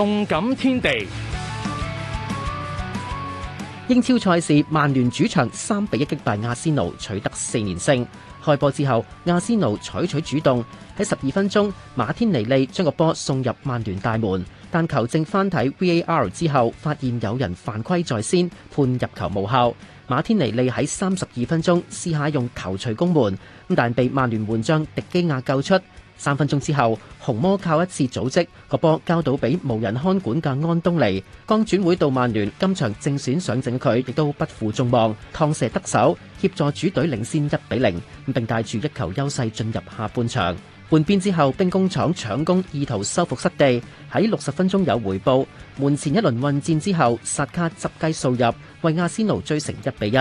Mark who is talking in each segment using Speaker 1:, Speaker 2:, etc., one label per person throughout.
Speaker 1: 動感天地，英超賽事，曼聯主場三比一擊敗阿仙奴，取得四連勝。開波之後，阿仙奴採取，取主動，喺十二分鐘，馬天尼利將個波送入曼聯大門，但球證翻睇 VAR 之後，發現有人犯規在先，判入球無效。馬天尼利喺三十二分鐘試下用球錘攻門，咁但被曼聯門將迪基亞救出。三分鐘之後，紅魔靠一次組織個波交到俾無人看管嘅安東尼，剛轉會到曼聯，今場正選上陣嘅佢亦都不負眾望，趟射得手，協助主隊領先一比零，咁並帶住一球優勢進入下半場。換邊之後，兵工廠搶攻，意圖收復失地，喺六十分鐘有回報，門前一輪混戰之後，薩卡執雞掃入，為阿仙奴追成一比一。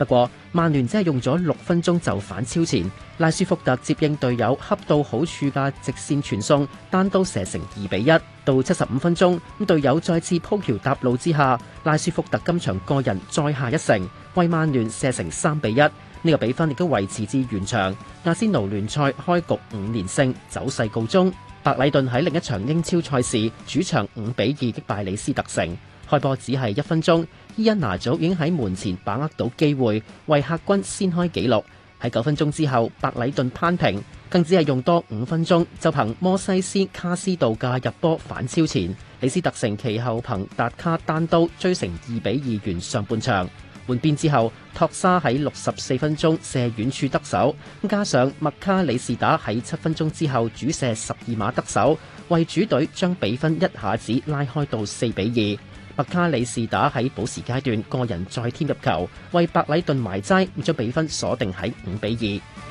Speaker 1: 不過，曼聯只係用咗六分鐘就反超前，拉舒福特接應隊友恰到好處嘅直線傳送，單刀射成二比一。到七十五分鐘，咁隊友再次鋪橋搭路之下，拉舒福特今場個人再下一城，為曼聯射成三比一。呢、這個比分亦都維持至完場。阿仙奴聯賽開局五連勝，走勢告終。白禮頓喺另一場英超賽事，主場五比二擊敗李斯特城。開波只係一分鐘，伊恩拿祖已經喺門前把握到機會，為客軍先開紀錄。喺九分鐘之後，白禮頓攀平，更只係用多五分鐘就憑摩西斯卡斯度嘅入波反超前。李斯特城其後憑達卡單刀追成二比二完上半場。換邊之後，托沙喺六十四分鐘射遠處得手，加上麥卡里士打喺七分鐘之後主射十二碼得手，為主隊將比分一下子拉開到四比二。麥卡里士打喺補時階段個人再添入球，為白禮頓埋齋，將比分鎖定喺五比二。